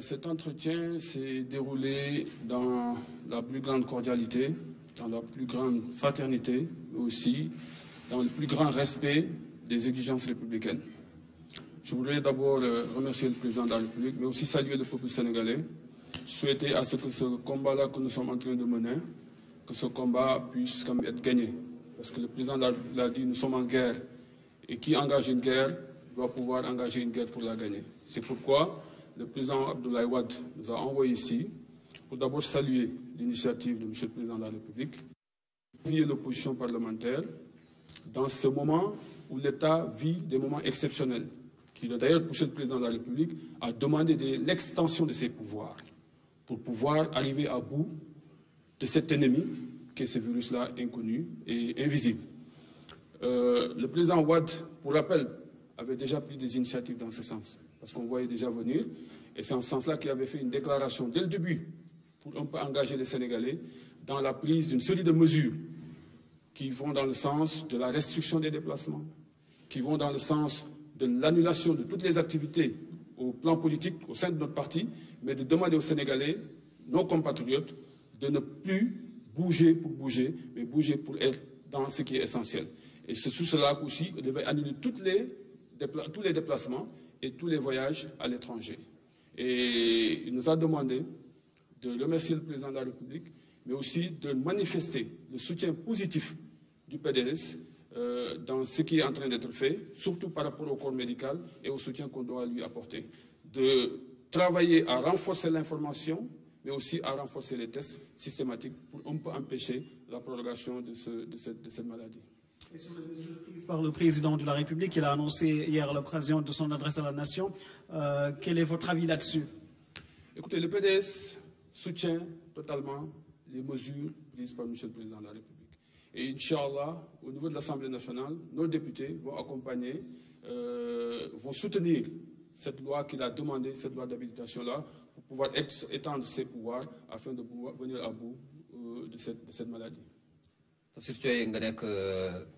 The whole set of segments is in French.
cet entretien s'est déroulé dans la plus grande cordialité, dans la plus grande fraternité, mais aussi dans le plus grand respect des exigences républicaines. Je voudrais d'abord euh, remercier le président de la République, mais aussi saluer le peuple sénégalais, souhaiter à ce que ce combat-là que nous sommes en train de mener, que ce combat puisse quand être gagné. Parce que le président l'a dit, nous sommes en guerre. Et qui engage une guerre doit pouvoir engager une guerre pour la gagner. C'est pourquoi le président Abdoulaye Wade nous a envoyés ici pour d'abord saluer l'initiative de M. le Président de la République, vier l'opposition parlementaire dans ce moment où l'État vit des moments exceptionnels, qui d'ailleurs poussé le Président de la République à demander l'extension de ses pouvoirs pour pouvoir arriver à bout de cet ennemi qui est ce virus-là inconnu et invisible. Euh, le président Ouad, pour rappel, avait déjà pris des initiatives dans ce sens ce qu'on voyait déjà venir. Et c'est en ce sens-là qu'il avait fait une déclaration dès le début pour un peu engager les Sénégalais dans la prise d'une série de mesures qui vont dans le sens de la restriction des déplacements, qui vont dans le sens de l'annulation de toutes les activités au plan politique au sein de notre parti, mais de demander aux Sénégalais, nos compatriotes, de ne plus bouger pour bouger, mais bouger pour être dans ce qui est essentiel. Et c'est sous cela aussi devait annuler toutes les tous les déplacements et tous les voyages à l'étranger. Et il nous a demandé de remercier le président de la République, mais aussi de manifester le soutien positif du PDS euh, dans ce qui est en train d'être fait, surtout par rapport au corps médical et au soutien qu'on doit lui apporter. De travailler à renforcer l'information, mais aussi à renforcer les tests systématiques pour empêcher la prolongation de, de cette maladie. Sur les mesures prises par le président de la République, il a annoncé hier à l'occasion de son adresse à la nation. Euh, quel est votre avis là-dessus Écoutez, le PDS soutient totalement les mesures prises par M. le Président de la République. Et Inch'Allah, au niveau de l'Assemblée nationale, nos députés vont accompagner, euh, vont soutenir cette loi qu'il a demandé, cette loi d'habilitation-là, pour pouvoir étendre ses pouvoirs afin de pouvoir venir à bout euh, de cette maladie surtout nga nekk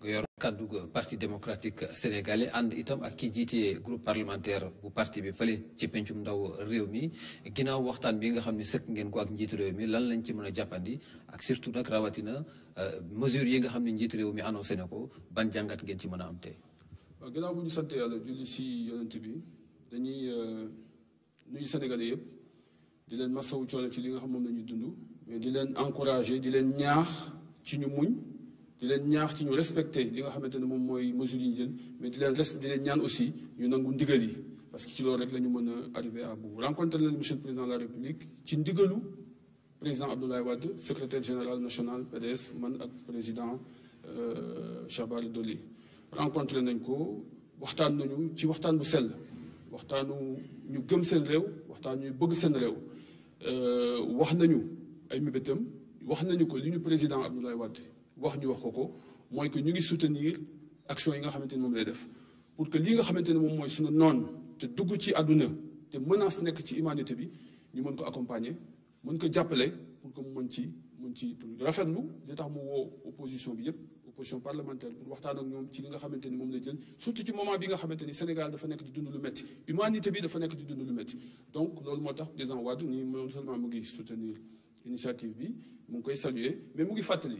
yor kàddu parti démocratique sénégalais ànd itam ak ki jiite groupe parlementaire bu parti bi fële ci pencum ndaw réew mi ginnaaw waxtaan bi nga xam ne sëkk ngeen ko ak njiitu réew mi lan lañ ci mën a jàppandi ak surtout nag rawatina euh, mesures yi nga xam ne njiitu réew mi annoncé na ko ban jàngat ngeen ci mën a am tey. waaw ginnaaw bu ñu sant yàlla julli si yonent bi dañuy euh, nuyu sénégalais yëpp di leen masawu coono ci li nga xam moom la ñu dund mais di leen encouragé di leen ñaax ci ñu muñ di leen ñaax ci ñu respecté li nga xamante ne moom mooy mesures yi ñu mais di leen di leen ñaan aussi ñu nangu ndigal yi parce que ci loolu rek la ñu mën a arrivé à bout rencontré leen monsieur le président de la république ci ndigalu président Abdoulaye Wade secrétaire général national PDS man ak président Chabary euh, Dolly rencontré nañ ko waxtaan nañu ci waxtaan bu sell waxtaanu ñu gëm seen réew waxtaan ñu bëgg seen réew euh, wax nañu ay mébétam wax nañu ko li ñu président Abdoulaye Wade wax que ñu ngi soutenir action yi nga xamante mom lay def pour que li nga xamante mom moy mooy suñu noon te dugg ci aduna te menace nek ci humanité bi ñu mën ko accompagner mën ko jàppale pour que mu mën ci mën ci rafetlu li tax mu wo opposition bi yépp opposition parlementaire pour waxtaan ak ñoom ci li nga xamante mom lay jël surtout ci moment bi nga xamante Sénégal dafa nek di dund lu metti humanité bi dafa nek di dund lu metti donc loolu moo tax président Wade nii non seulement mu ngi soutenir initiative bi mu ngi koy saluer mais mu ngi fàttali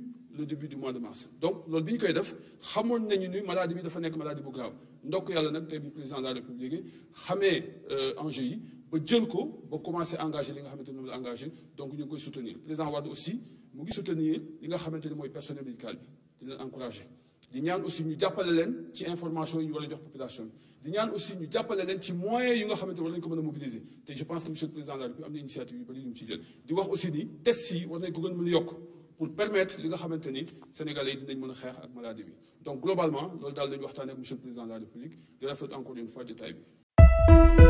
le début du mois de mars donc loolu bi ñu koy def xamoon nañu ni maladie bi dafa nekk maladie bu grave ndokk yàlla nag tey bu président de la république xamee euh, enjeu yi ba jël ko ba commencé engagé li nga xamante ni moom la engagé donc ñu ngi koy soutenir président Wade aussi mu ngi soutenir li nga xamante ni mooy personnel médical bi di leen encouragé di ñaan aussi ñu jàppale leen ci information yi ñu war a jox population bi di ñaan aussi ñu jàppale leen ci moyens yi nga xamante war nañ ko mën a mobiliser te je pense que monsieur le président de la République am na initiative yu bëri yu mu ci jël di wax aussi ni test yi war nañ ko gën mën a yokk pour permettre li nga xamante ni sénégalais yi dinañ mën a ak maladie donc globalement loolu daal lañu waxtaanee monsieur le président de la république di rafetlu encore une fois jotaay bi.